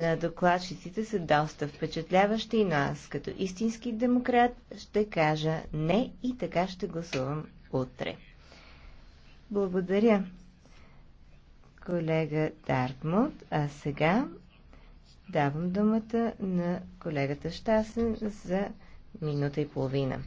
На докладчиците са доста впечатляващи, но аз като истински демократ ще кажа не и така ще гласувам утре. Благодаря, колега Дартмут. А сега давам думата на колегата Штасен за минута и половина.